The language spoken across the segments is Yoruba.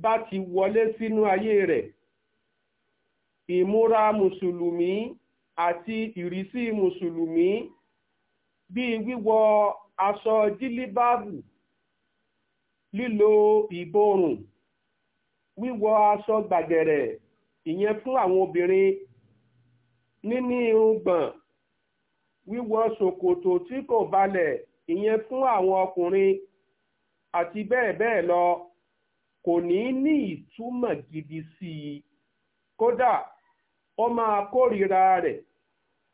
bá ti wọlé sínú ayé rẹ̀ ìmúra mùsùlùmí àti ìrísí mùsùlùmí bíi wíwọ aṣọ jílíbáàbù lílo ìborùn wíwọ aṣọ gbàgẹ̀rẹ̀ ìyẹn fún àwọn obìnrin níní irùngbọ̀n wíwọ ṣòkòtò tí kò balẹ̀ ìyẹn fún àwọn ọkùnrin àti bẹ́ẹ̀ bẹ́ẹ̀ lọ. kò ní ní ìtumọ̀ gidi sí i kódà ó máa kórìíra rẹ̀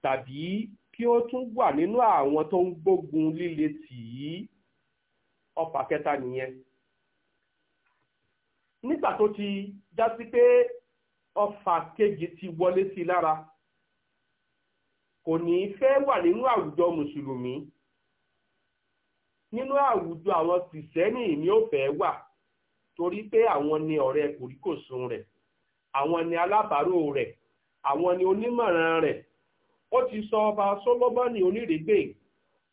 tàbí kí ó tún wà nínú àwọn tó ń gbógun líle tì í ọfà kẹta nìyẹn nígbà tó ti já sí pé ọfà kejì ti wọlé sí i lára kò ní fẹ́ wà nínú àwùjọ mùsùlùmí nínú àwùjọ àwọn kìrìsẹ́nì ni ó fẹ́ wà torí pé àwọn ni ọ̀rẹ́ kòríkòsùn rẹ̀ àwọn ni alábàárò rẹ̀ àwọn ni onímọ̀ràn rẹ̀ ó ti sọ ọba sólómọ́nì onírègbè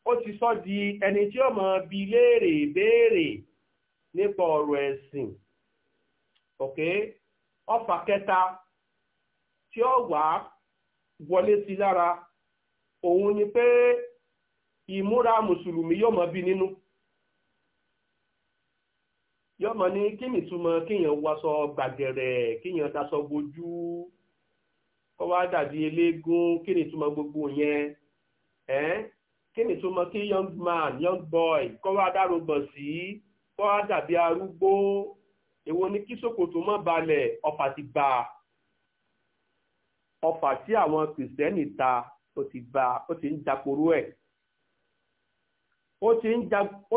ó ti sọ di ẹni tí ó mọ bi léèrè béèrè nípa ọ̀rọ̀ ẹ̀sìn òkè ọfà kẹta tí ó wà wọlé sí lára òun ni pé ìmúra mùsùlùmí yóò mọ bí nínú yọmọ ní kí ni túmọ̀ kíyàn wọṣọ gbàgẹ̀rẹ̀ kíyàn daṣọ bojú kọ́ wá dàbí eléégún kí ni túmọ̀ gbogbo yẹn kí ni túmọ̀ kí young man young boy kọ́ wá dárúgbọ̀n sí kọ́ wá dàbí arúgbó èwo ni kí ṣòkòtò má balẹ̀ ọ̀fà ti gbà ọ̀fà tí àwọn kìrìsìtẹ́nì ta ó ti gbà ó ti ń daporú ẹ̀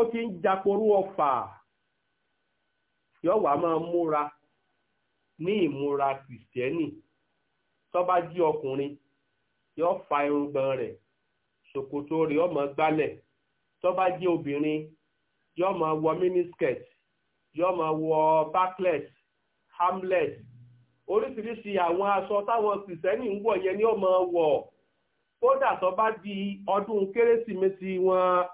ó ti ń daporú ọ̀fà. yóò wá máa múra ní ìmúra kìrìsìtẹ́nì tó bá jí ọkùnrin yóò fa irùngbọ̀n rẹ̀ ṣòkòtò rẹ̀ yóò máa tó bá jí obìnrin yóò máa wọ miniskirt yóò máa wọ backless hamlet oríṣiríṣi àwọn aṣọ táwọn kìrìsìtẹ́nì ń wọ̀ yẹn ni ó máa wọ̀ kódà tó bá di ọdún kérésìmesì wọn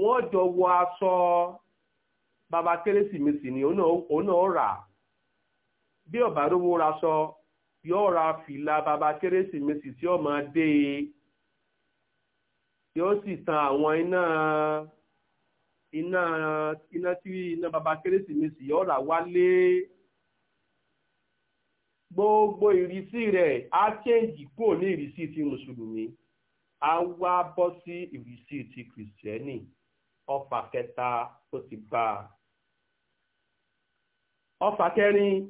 wọ́n jọ wọ aṣọ bàbá kérésìmesì ni òun náà rà bí ọ̀bà rówó ra sọ yóò ra fìlà bàbá kérésìmesì tí ó máa dé e yóò sì tan àwọn iná iná iná tí iná bàbá kérésìmesì yóò rà wálé gbogbo ìrísí rẹ̀ á chẹ́ǹgì kúrò ní ìrísí ti mùsùlùmí á wá bọ́ sí ìrísí ti kìrìsìtẹ́nì ọfà kẹta tó ti bá a ọfà kẹrin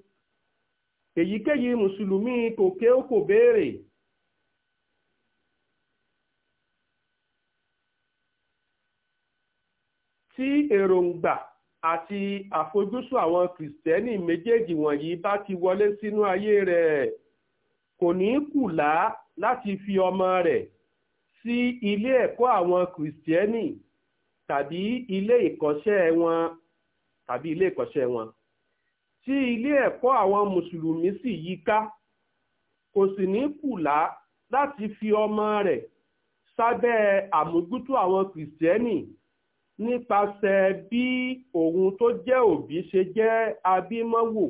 èyíkéyìí mùsùlùmí kò ké ó kò béèrè tí èròǹgbà àti àfojúsùn àwọn kìrìsìtẹ́nì méjèèjì wọ̀nyí bá ti wọlé sínú ayé rẹ̀ kò ní kùlá láti fi ọmọ rẹ̀ sí ilé ẹ̀kọ́ àwọn kìrìsìtẹ́nì tàbí ilé ìkọ́ṣẹ́ wọn tàbí ilé ìkọ́ṣẹ́ wọn tí ilé ẹ̀kọ́ àwọn mùsùlùmí sì yí ká kò sì ní kùlá láti fi ọmọ rẹ̀ sábẹ́ àmójútó àwọn kìrìsìtẹ́nì nípasẹ̀ bí òun tó jẹ́ òbí ṣe jẹ́ abímọ́wò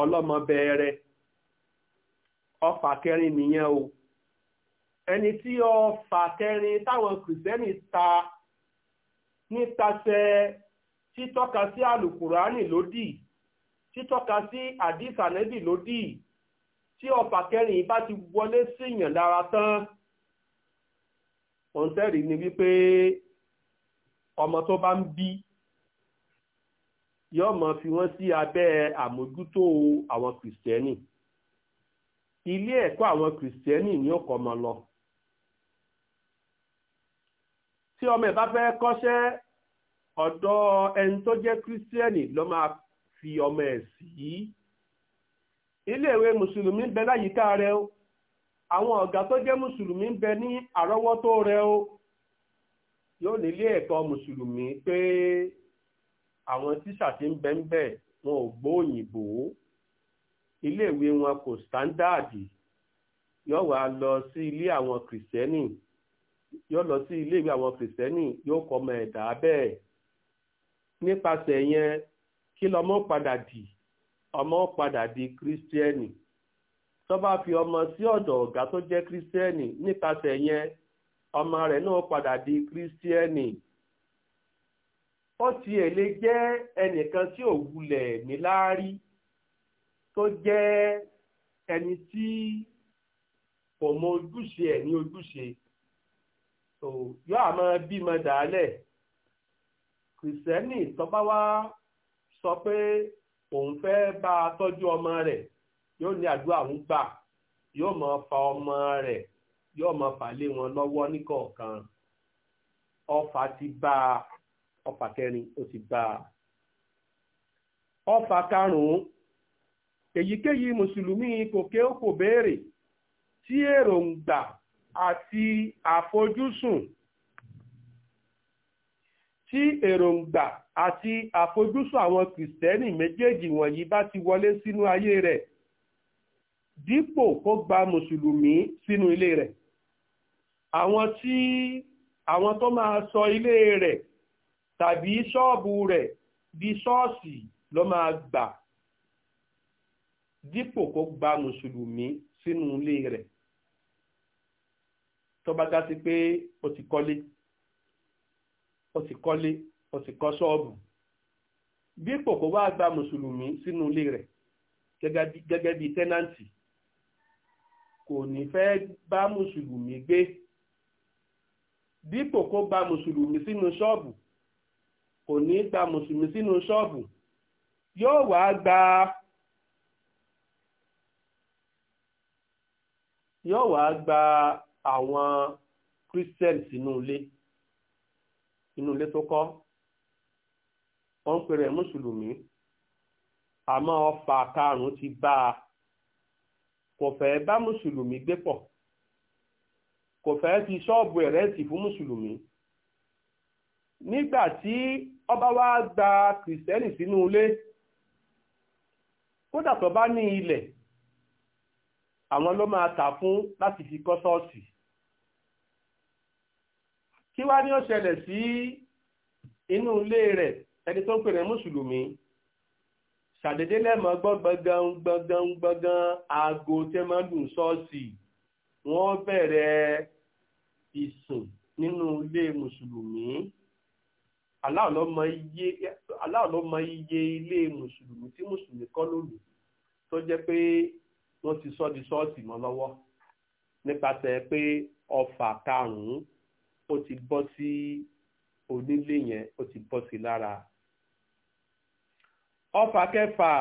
ọlọ́mọbẹ̀rẹ̀ ọfà kẹrin nìyẹn o ẹni tí ọfà kẹrin táwọn kìrìsìtẹ́nì ta nípasẹ̀ títọ́ka sí àlùkùránì lódì títọ́ka sí àdìsá nẹ́bì lódì tí ọ̀fà kẹrin bá ti wọlé síyàn lára tán òǹtẹ́rì ni wípé ọmọ tó bá ń bí yóò mọ fi wọ́n sí abẹ́ àmójútó àwọn kìrìsìtẹ́nì ilé ẹ̀kọ́ àwọn kìrìsìtẹ́nì ni ó kọ́ mọ lọ. tí ọmọ ẹ̀ bá fẹ́ kọ́ṣẹ́ ọ̀dọ̀ ẹni tó jẹ́ kírísítẹ́nì ló máa fi ọmọ ẹ̀ sí iléèwé mùsùlùmí ń bẹ láyìíká rẹ o àwọn ọ̀gá tó jẹ́ mùsùlùmí ń bẹ ní àrọ́wọ́tó rẹ o yóò nílé ẹ̀kọ́ mùsùlùmí pé àwọn tíṣà ti ń bẹ ń bẹ wọn ò gbọ́ òyìnbó iléèwé wọn kò sítáńdáàdì yóò wá lọ sí ilé àwọn kìrìsìtẹ́nì yóò lọ sí iléèwé àwọn kìrìsìtẹ́nì yóò kọ́ ọmọ ẹ̀dá bẹ́ẹ̀ nípasẹ̀ yẹn kí lọ́mọ padà di ọmọ padà di kírísítẹ́nì tó bá fi ọmọ sí ọ̀dọ̀ ọ̀gá tó jẹ́ kírísítẹ́nì nípasẹ̀ yẹn ọmọ rẹ̀ náà padà di kírísítẹ́nì ó tiẹ̀ lè jẹ́ ẹnìkan tí ò wulẹ̀ níláárí tó jẹ́ ẹni tí kò mọ ojúṣe ẹ̀ ní ojúṣe so yọ àmọ́ bímọ dàálẹ̀ kìrìsìtẹ́nì tọ́ba wá sọ pé òun fẹ́ bá a tọ́jú ọmọ rẹ̀ yóò ní àdúrà ń gbà yóò mọ fa ọmọ rẹ̀ yóò mọ fàlẹ́ wọn lọ́wọ́ níkọ̀ọ̀kan ọfà ti bá a ọfà kẹrin ó ti bá a ọfà karùn-ún èyíkéyìí mùsùlùmí kò ké ó kò béèrè tí èròǹgbà àti àfojúsùn tí èròǹgbà àti àfojúsùn àwọn kìrìsìtẹ́nì méjèèjì wọ̀nyí bá ti wọlé sínú ayé rẹ̀ dípò kó gba mùsùlùmí sínú ilé rẹ̀ àwọn tí àwọn tó máa sọ ilé rẹ̀ tàbí ṣọ́ọ̀bù rẹ̀ di ṣọ́ọ̀ṣì ló máa gbà dípò kó gba mùsùlùmí sínú ilé rẹ̀ tó bá dá sí pé o ti kọ́lé o ti kọ́lé o ti kọ́ ṣọ́ọ̀bù dípò kó wá gba mùsùlùmí sínú ilé rẹ̀ gẹ́gẹ́ bí tẹ́nàǹtì kò ní fẹ́ bá mùsùlùmí gbé dípò kó gba mùsùlùmí sínú ṣọ́ọ̀bù kò ní gba mùsùlùmí sínú ṣọ́ọ̀bù yóò wá gba yóò wá gba àwọn Christian sínú ilé inú ilé tó kọ́ wọ́n ń pè rẹ̀ mùsùlùmí àmọ́ ọfà karùn-ún ti bá a kò fẹ́ bá mùsùlùmí gbé pọ̀ kò fẹ́ fi ṣọ́ọ̀bù ẹ̀rẹ́ǹtì fún mùsùlùmí nígbà tí ọba wa gba kìrìsìtẹ́nì sínú ilé kódà tó bá ní ilẹ̀ àwọn ló máa tà fún láti fi kọ́ ṣọ́ọ̀ṣì kí wá ní ó ṣẹlẹ̀ sí inú ilé rẹ̀ ẹni tó ń pè ní mùsùlùmí ṣàdédé lẹ́mọ̀ gbọ́ngbọ́ngàn gbọ́ngbọ́ngàn aago tí wọ́n máa ń dùn ṣọ́ọ̀ṣì wọ́n bẹ̀rẹ̀ ìsìn nínú ilé mùsùlùmí Allah ló mọ iye Allah ló mọ iye ilé mùsùlùmí tí mùsùlùmí kọ́ lòlù tó jẹ́ pé wọ́n ti sọ́ di ṣọ́ọ̀ṣì mọ́ lọ́wọ́ nípasẹ̀ pé ọfà karùn-ún ó ti bọ́ sí onílé yẹn ó ti bọ́ sí lára. ọfà kẹfà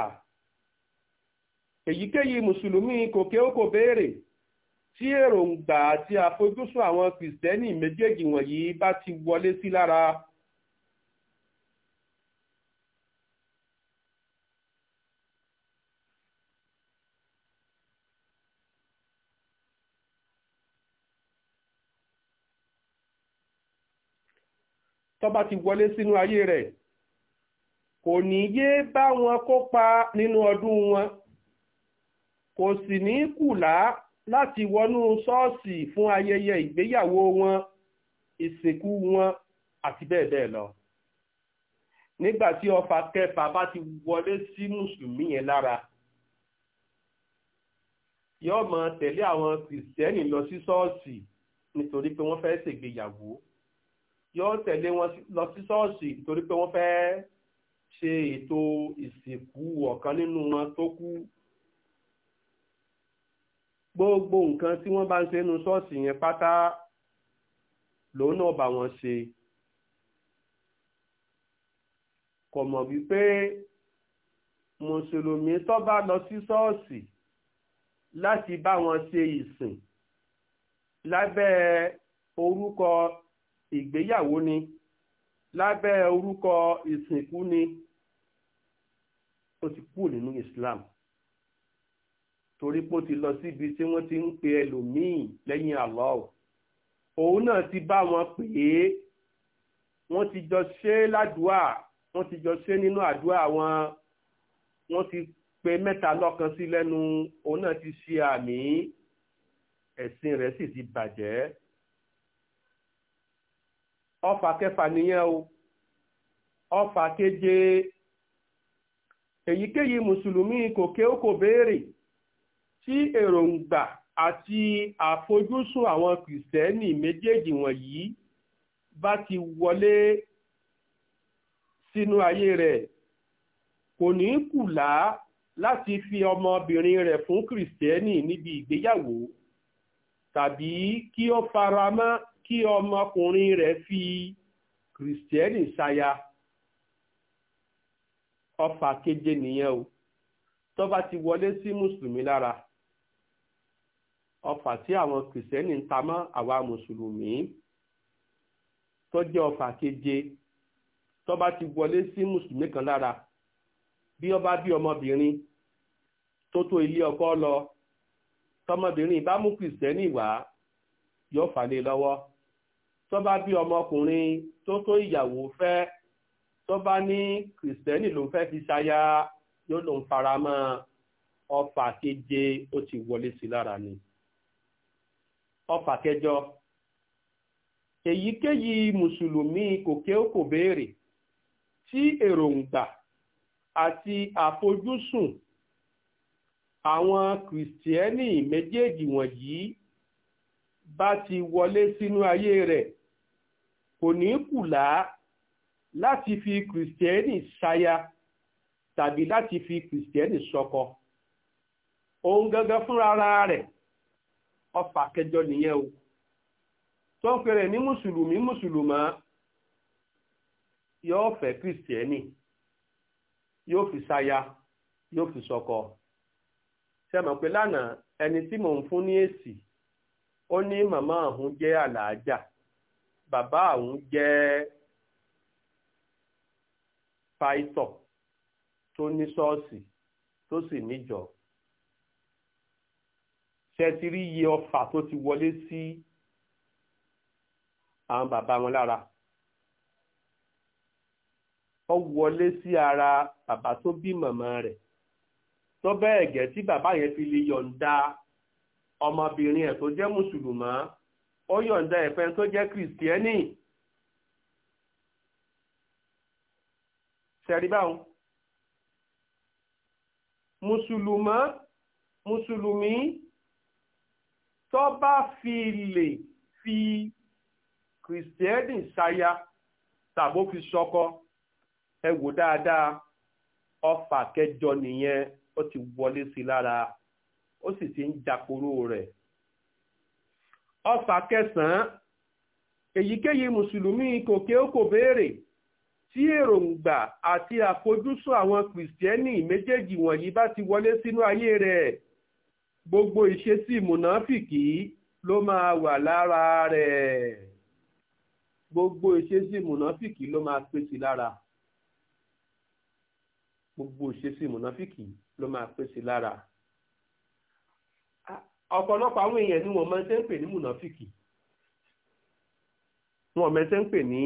èyíkéyìí mùsùlùmí kòkè ó kò béèrè tí èròǹgbà àti àfojúsùn àwọn kìrìsìtẹ́nì méjèèjì wọ̀nyí bá ti wọlé sí lára. tó bá ti wọlé sínú ayé rẹ̀ kò ní yé bá wọn kópa nínú ọdún wọn kò sì ní kùlá láti wọnú ṣọ́ọ̀ṣì fún ayẹyẹ ìgbéyàwó wọn ìsìnkú wọn àti bẹ́ẹ̀ bẹ́ẹ̀ lọ nígbà tí ọfà kẹfà bá ti wọlé sí mùsùlùmí yẹn lára yóò máa tẹ̀lé àwọn kìrìsìtẹ́nì lọ sí ṣọ́ọ̀ṣì nítorí pé wọ́n fẹ́ ṣègbéyàwó yóò tẹ̀lé wọn lọ sí ṣọ́ọ̀ṣì torí pé wọ́n fẹ́ ṣe ètò ìsìnkú ọ̀kan nínú wọn tó kú gbogbo nǹkan tí wọ́n bá ń ṣe nínú ṣọ́ọ̀ṣì yẹn pátá lòun náà bá wọn ṣe kò mọ̀ wípé mùsùlùmí tó bá lọ sí ṣọ́ọ̀ṣì láti bá wọn ṣe ìsìn lábẹ́ orúkọ ìgbéyàwó ni lábẹ́ orúkọ ìsìnkú ni ó ti kú nínú Islam torí pé ó ti lọ síbi tí wọ́n ti ń pe ẹlòmíì lẹ́yìn Allah òun náà ti bá wọn pè é wọ́n ti jọ ṣe ládùúà wọ́n ti jọ ṣe nínú àdúrà wọn wọ́n ti pe mẹ́ta lọ́kan sí lẹ́nu òun náà ti ṣe àmì ẹ̀sìn rẹ̀ sì ti bàjẹ́ ọfà kẹfà nìyẹn o ọfà keje èyíkéyìí mùsùlùmí kò ké ó kò béèrè tí èròǹgbà àti àfojúsùn àwọn kìrìsìtẹ́nì méjèèjì wọ̀nyí bá ti wọlé sínú ayé rẹ̀ kò ní kùlá láti fi ọmọbìnrin rẹ̀ fún kìrìsìtẹ́nì níbi ìgbéyàwó tàbí kí ó fara mọ́ kí ọmọkùnrin rẹ̀ fi kìrìsìtẹ́nì ṣaya ọfà keje nìyẹn o tó bá ti wọlé sí mùsùlùmí lára ọfà tí àwọn kìrìsìtẹ́nì ń ta mọ́ àwa mùsùlùmí tó jẹ́ ọfà keje tó bá ti wọlé sí mùsùlùmí kan lára bí ó bí ọmọbìnrin tó tó ilé ọkọ lọ tọmọbìnrin bá mú kìrìsìtẹ́nì wá yóò fà lé lọ́wọ́ tó bá bí ọmọkùnrin tó tó ìyàwó fẹ́ tó bá ní kìrìsìtẹ́nì ló fẹ́ fi ṣaya yóò lòun fara mọ́ ọfà keje ó ti wọlé sí lára ni ọfà kẹjọ èyíkéyìí mùsùlùmí kòkè ó kò béèrè tí èròǹgbà àti àfojúsùn àwọn kìrìsìtẹ́nì méjèèjì wọ̀nyí bá ti wọlé sínú ayé rẹ̀ kò ní láá láti fi kìrìsìtẹ́nì ṣaya tàbí láti fi kìrìsìtẹ́nì ṣọkọ òun gangan fúnra rẹ̀ ọfà kẹjọ nìyẹn o tó ń pèrè ní mùsùlùmí mùsùlùmá yóò fẹ́ kìrìsìtẹ́nì yóò fi ṣaya yóò fi ṣọkọ ṣe mọ̀ pé lánàá ẹni tí mò ń fún ní èsì ó ní màmá ọ̀hún jẹ́ àlàájá bàbá àwọn jẹ́ pásítọ̀ tó ní ṣọ́ọ̀ṣì tó sì níjọ ṣe ti iye ọfà tó ti wọlé sí àwọn bàbá wọn lára ó wọlé sí ara bàbá tó bí màmá rẹ̀ tó bẹ́ẹ̀ gẹ́ tí bàbá yẹn fi lè yọ̀ǹda ọmọbìnrin ẹ̀ tó jẹ́ mùsùlùmá ó yọ̀ǹda ẹ̀fẹ́ tó jẹ́ kìrìsìtẹ́nì sẹ́rí báwọn mùsùlùmọ́ mùsùlùmí tó bá fi lè fi kìrìsìtẹ́nì ṣaya tàbó fi ṣọkọ ẹ wò dáadáa ọfà kẹjọ nìyẹn ó ti wọlé sí lára ó sì ti ń jàporó rẹ̀ ọfà kẹsàn-án èyíkéyìí mùsùlùmí kòkè ó kò béèrè tí èròǹgbà àti àfojúsùn àwọn kìrìsìtẹ́nì méjèèjì wọ̀nyí bá ti wọlé sínú ayé rẹ̀ gbogbo ìṣesí mùnàfìkì ló máa wà lára rẹ̀ gbogbo ìṣesí mùnàfìkì ló máa pèsè lára gbogbo ìṣesí mùnàfìkì ló máa pèsè lára. ọ̀pọ̀lọpọ̀ àwọn èèyàn ni wọ́n máa ń tẹ́ pè ní mùnàfíkì wọ́n máa ń tẹ́ pè ní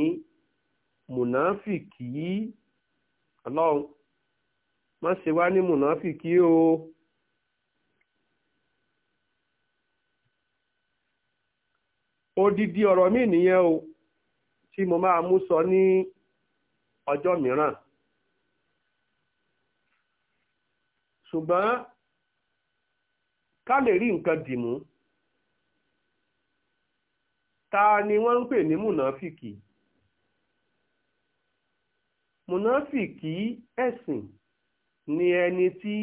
mùnàfíkì ọlọ́run má ṣe wá ní mùnàfíkì o. odidi ọ̀rọ̀ mi nìyẹn o tí mo máa mú sọ ní ọjọ́ mìíràn ṣùgbọ́n ká lè rí nǹkan dìmú ta ni wọ́n ń pè ní mùnàfìkì mùnàfìkì ẹ̀sìn ni ẹni tí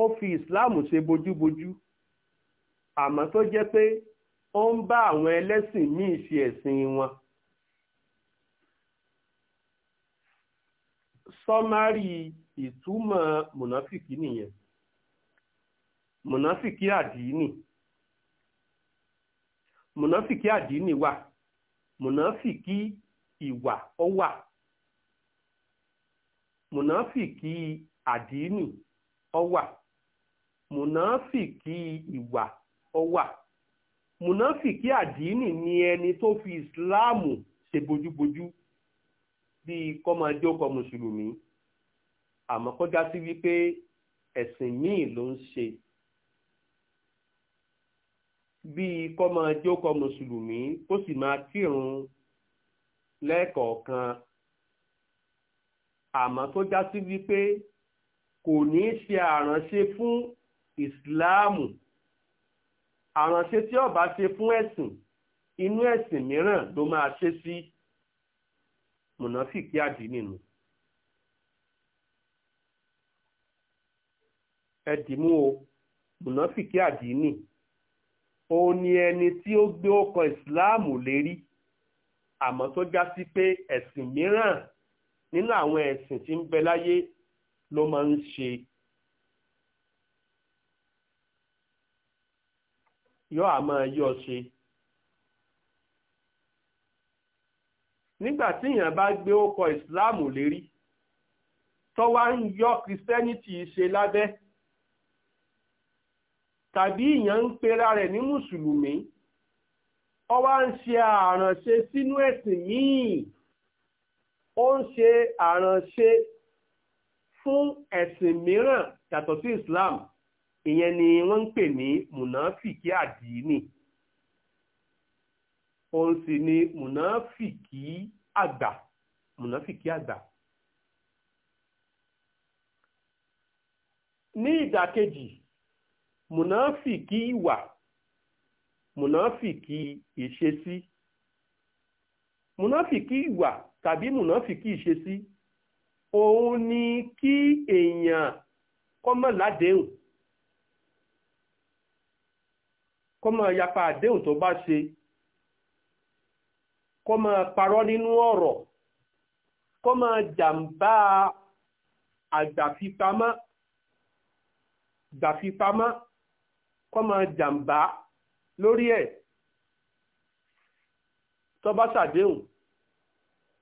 ó fi ìsìláàmù ṣe bojúbojú àmọ́ tó jẹ́ pé ó ń bá àwọn ẹlẹ́sìn míì ṣe ẹ̀sìn wọn. sọ́márì ìtumọ̀ mùnàfìkì nìyẹn. mùnáfìkì àdínì mùnáfìkì àdínì wà mùnáfìkì ìwà ó wà mùnáfìkì àdínì ó wà mùnáfìkì ìwà ó wà mùnáfìkì àdínì ni ẹni tó fi ìsìláàmù ṣe bójúbójú bíi kọ́mọdé ọkọ̀ mùsùlùmí àmọ́ kọjá sí wípé ẹ̀sìn míì ló ń ṣe bíi kọ́ máa jókòó mùsùlùmí kó sì máa kírun lẹ́ẹ̀kọ̀ọ̀kan àmọ́ tó já sí wípé kò ní í ṣe àránṣe fún ìsìláàmù àránṣe tí ó bá ṣe fún ẹ̀sìn inú ẹ̀sìn mìíràn ló máa ṣe sí mùnáfìkì àdínì nù. ẹ̀dìmú o mùnáfìkì àdínì òun ni ẹni tí ó gbé ọkọ̀ ìsìláàmù lérí àmọ́ tó já sí pé ẹ̀sìn mìíràn nínú àwọn ẹ̀sìn tí ń bẹ láyé ló máa ń ṣe. yọ àmọ́ yọ ṣe. nígbà tí èèyàn bá gbé ọkọ̀ ìsìláàmù lérí tó wá ń yọ kìrìsìtẹ́nìtì ṣe lábẹ́ tàbí ìyàn ń pera rẹ̀ ní mùsùlùmí ó wá ń ṣe àrànṣe sínú ẹ̀sìn míì ó ń ṣe àrànṣe fún ẹ̀sìn mìíràn yàtọ̀ sí Islam ìyẹn ni wọ́n ń pè ní mùnáfìkì àdínì òun sì ni mùnáfìkì àgbà mùnáfìkì àgbà. ní ìdàkejì mùnáfìkì ìwà mùnáfìkì ìṣesí mùnáfìkì ìwà tàbí mùnáfìkì ìṣesí òun ni kí èèyàn kọ́mọ̀ ládéhùn kọ́mọ̀ yapa àdéhùn tó bá ṣe kọ́mọ̀ parọ́ nínú ọ̀rọ̀ kọ́mọ̀ jàǹbá àgbàfipamọ́ gbàfipamọ́ kọ́ máa jàǹbá lórí ẹ̀ tó bá ṣàdéhùn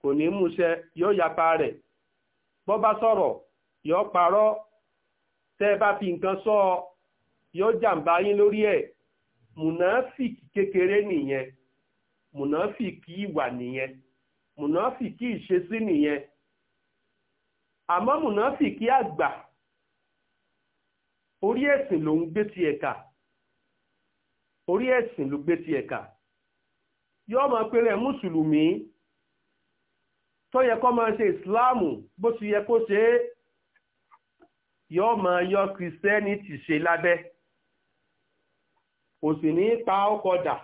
kò ní múṣẹ yóò yapa rẹ̀ bọ́ bá sọ̀rọ̀ yóò parọ́ tẹ́ ẹ bá fi nǹkan sọ ọ yóò jàǹbá yín lórí ẹ̀ mùnáfìkì kékeré nìyẹn mùnáfìkì ìwà nìyẹn mùnáfìkì ìṣesí nìyẹn àmọ́ mùnáfìkì àgbà orí ẹ̀sìn ló ń gbé ti ẹ̀ka. E orí ẹ̀sìn ló gbé tiẹ̀ kà yóò máa pèrè ẹ̀ mùsùlùmí tó yẹ kó máa ṣe ìsìláàmù bó ti yẹ kó ṣe é yóò máa yọ kìrìsìtẹ́nì ti ṣe lábẹ́ kò sì ní pa ọkọ̀ dà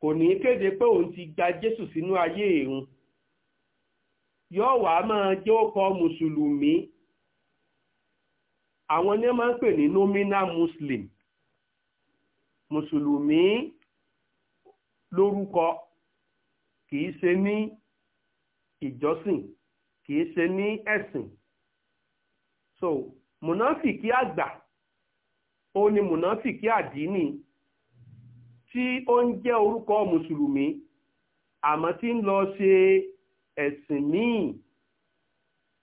kò ní kéde pé òun ti gba Jésù sínú ayé òun yóò wá máa jẹ́ ọkọ̀ mùsùlùmí àwọn ni wọ́n máa ń pè ní nominal muslim. mùsùlùmí lórúkọ kìí ṣe ní ìjọsìn kìí ṣe ní ẹ̀sìn so mùnáfìkì àgbà ó ní mùnáfìkì àdínì tí ó ń jẹ́ orúkọ mùsùlùmí àmọ́ tí ń lọ ṣe ẹ̀sìn míì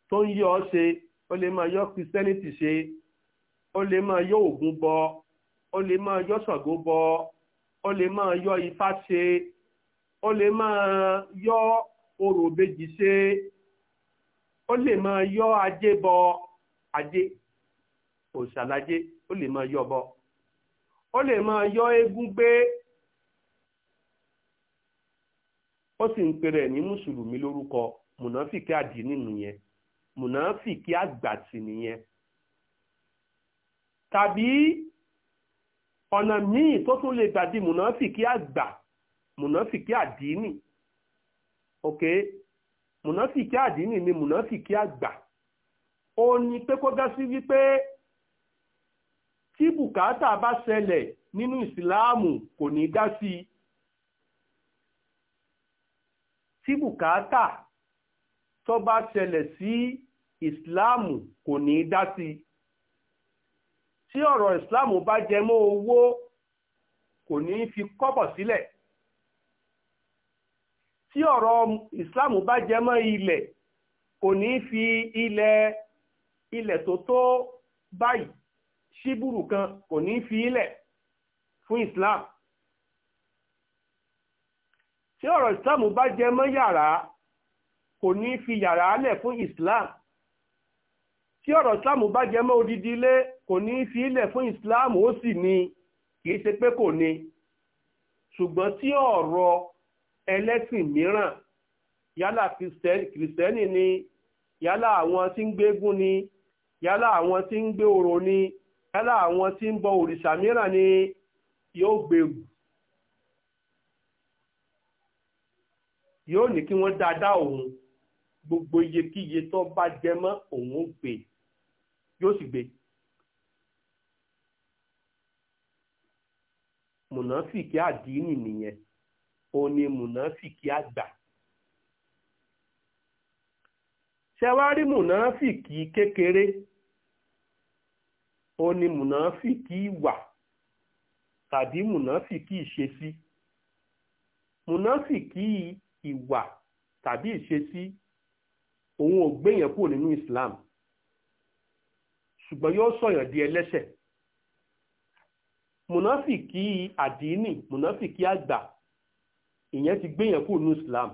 tó ń yọ ọ́ ṣe ó lè máa yọ Christianity ṣe ó lè máa yọ Ògún bọ ó lè máa yọ Ṣàngó bọ ó lè máa yọ Ifá ṣe ó lè máa yọ orò bèjì ṣe ó lè máa yọ ajé bọ ajé òṣàlàjé ó lè máa yọ o ó lè máa yọ eégún gbé ó sì ń pèrè ní mùsùlùmí lórúkọ mùnàfìkì àdínì nìyẹn mùnàfìkì àgbàtì nìyẹn tàbí ọ̀nà míì tó tún lè gbàdí mùnáfìkì àgbà mùnáfìkì àdínì ok mùnáfìkì àdínì ni mùnáfìkì àgbà ó ní pé kó dá sí wípé tí bùkátà bá ṣẹlẹ̀ nínú ìsìláàmù kò ní dá sí i tí bùkátà tó bá ṣẹlẹ̀ sí ìsìláàmù kò ní dá sí tí ọ̀rọ̀ islam bá jẹ mọ́ owó kò ní fi kọ́bọ̀ sílẹ̀ tí ọ̀rọ̀ islam bá jẹ mọ́ ilẹ̀ kò ní fi ilẹ̀ ilẹ̀ tó tó báyìí ṣíbùrù kan kò ní fi ilẹ̀ fún islam tí ọ̀rọ̀ islam bá jẹ mọ́ yàrá kò ní fi yàrá lẹ̀ fún islam tí ọ̀rọ̀ ìsìláàmù bá jẹ mọ́ odidi ilé kò ní fi ilẹ̀ fún ìsìláàmù ó sì ní kìí ṣe pé kò ní ṣùgbọ́n tí ọ̀rọ̀ ẹlẹ́sìn mìíràn yálà kìrìsìtẹ́nì ni yálà àwọn tí ń gbégún ni yálà àwọn tí ń gbé orò ni yálà àwọn tí ń bọ òrìṣà mìíràn ni yóò gbèrú yóò ní kí wọ́n dáadáa òun gbogbo iyekíye tó bá jẹ mọ́ òun gbèrú yóò sì gbé mùnàfìkì àdínì nìyẹn ó ní mùnàfìkì àgbà ṣẹwárí mùnàfìkì kékeré ó ní mùnàfìkì ìwà tàbí mùnàfìkì ìṣesí mùnàfìkì ìwà tàbí ìṣesí òun ò gbéyàn kúrò nínú Islam ṣùgbọ́n yóò sọ̀yàn di ẹlẹ́ṣẹ̀ mùnáfìkì àdínì mùnáfìkì àgbà ìyẹn ti gbéyàn kúrò ní Islam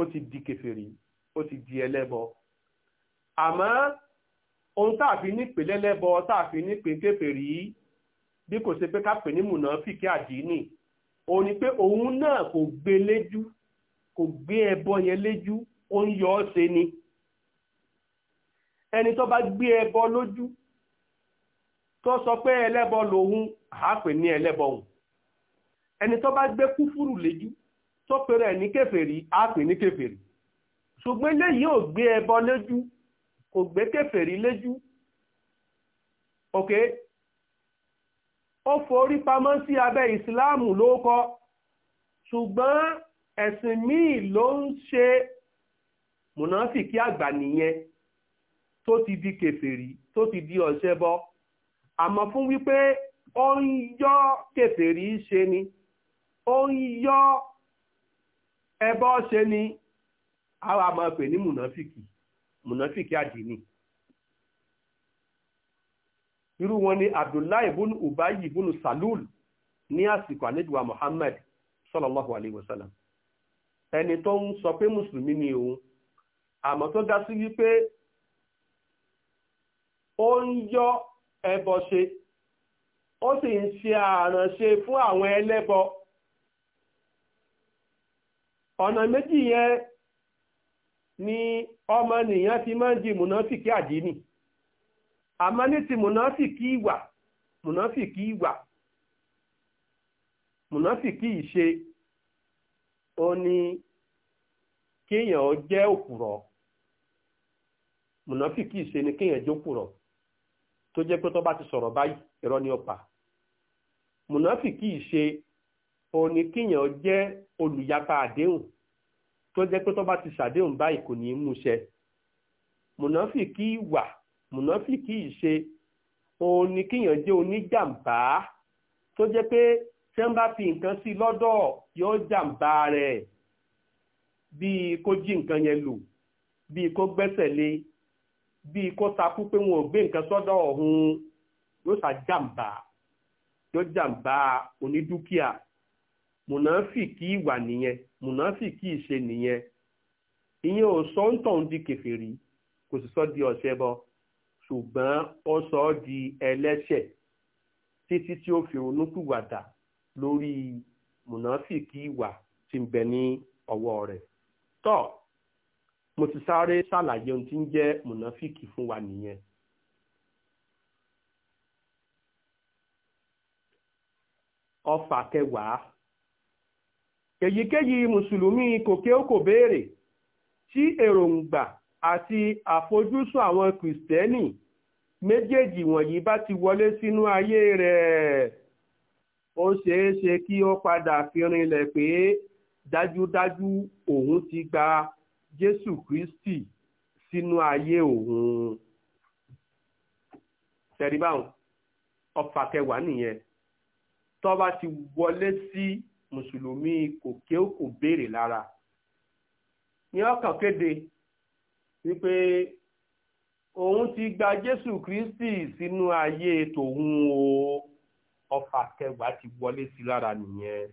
ó ti di kèfèrí ó ti di ẹlẹ́bọ àmọ́ ohun táàfi nípe lẹ́lẹ́bọ táàfi nípe kèfèrí bí kò ṣe pé ká pè ní mùnáfìkì àdínì ó ní pé òun náà kò gbé léjú kò gbé ẹbọ yẹn léjú ó ń yọ ọ́ ṣe ni ẹni tó bá gbé ẹbọ lójú tó sọ pé ẹlẹ́bọ lòun àápè ní ẹlẹ́bọ òun ẹni tó bá gbé kúfúrù lójú tó pèrè ní kèfèrí àápè ní kèfèrí ṣùgbọ́n eléyìí ò gbé ẹbọ lójú kò gbé kèfèrí lójú ok ó forí pamọ́ sí abẹ́ ìsìláàmù ló ṣùgbọ́n ẹ̀sìn míì ló ń ṣe mùnáfìkì àgbà nìyẹn tó ti di kèfèrí tó ti di ọ̀ṣẹ́bọ àmọ́ fún wípé ó ń yọ́ kèfèrí ṣe ni ó ń yọ́ ẹbọ ṣe ni àwa máa pè ní mùnáfìkì mùnáfìkì àdínì irú wọn ni abdullahi ibùn ubayi ibùn salul ní àsìkò àlejò muhammad sallallahu alayhi wa sallam ẹni tó ń sọ pé mùsùlùmí ni òun àmọ́ tó ga sí wípé ó ń yọ ẹbọ ṣe ó sì ń ṣe àrànṣe fún àwọn ẹlẹ́bọ ọ̀nà méjì yẹn ni ọmọnìyàn ti máa ń di mùnáfìkì àdínì àmọ́ ní ti mùnáfìkì ìwà mùnáfìkì ìwà mùnáfìkì ìṣe ó ní kéèyàn jẹ́ òpùrọ̀ mùnáfìkì ìṣe ni kéèyàn jókùrọ̀ tó jẹ́ pé tó bá ti sọ̀rọ̀ báyìí irọ́ ni ó pa mùnáfìkì ṣe òní kíyàn jẹ́ olùyapa àdéhùn tó jẹ́ pé tó bá ti ṣàdéhùn báyìí kò ní í múṣẹ mùnáfìkì wà mùnáfìkì ṣe òní kíyàn jẹ́ oníjàmbá tó jẹ́ pé tẹ́ ń bá fi nǹkan sí lọ́dọ̀ yóò jàǹbá rẹ̀ bíi kó jí nǹkan yẹn lò bíi kó gbẹ́sẹ̀ lé bíi kó takú pé wọn ò gbé nǹkan sọ́dọ̀ ọ̀hún yóò sá jàǹbá yóò jàǹbá onídúkìá mùnàfíkì ìwà nìyẹn mùnàfíkì ìṣe nìyẹn ìyẹn ò sọ ń tàn di kèfèrí kò sì sọ di ọ̀sẹ̀ bọ ṣùgbọ́n ó sọ ọ́ di ẹlẹ́ṣẹ̀ títí tí ó fi ronúkúwàdà lórí mùnàfíkì ìwà tí bẹ ní ọwọ́ rẹ̀ tọ́ mo ti sáré ṣàlàyé ohun tí ń jẹ́ mùnáfíkì fún wa nìyẹn. ọfà kẹwàá èyíkéyìí mùsùlùmí kòkè ó kò béèrè tí èròǹgbà àti àfojúsùn àwọn kìrìsìtẹ́nì méjèèjì wọ̀nyí bá ti wọlé sínú ayé rẹ̀ ó ṣeé ṣe kí ó padà fi rinlẹ̀ pé dájúdájú òun ti gba Jésù Kristi sínú ayé òun tẹ̀rí báwọn ọfà kẹwàá nìyẹn tó bá ti wọlé sí mùsùlùmí kò ké kò béèrè lára ní ọkàn kéde wípé òun ti gba Jésù Kristi sínú ayé tòun o ọfà kẹwàá ti wọlé sí lára nìyẹn.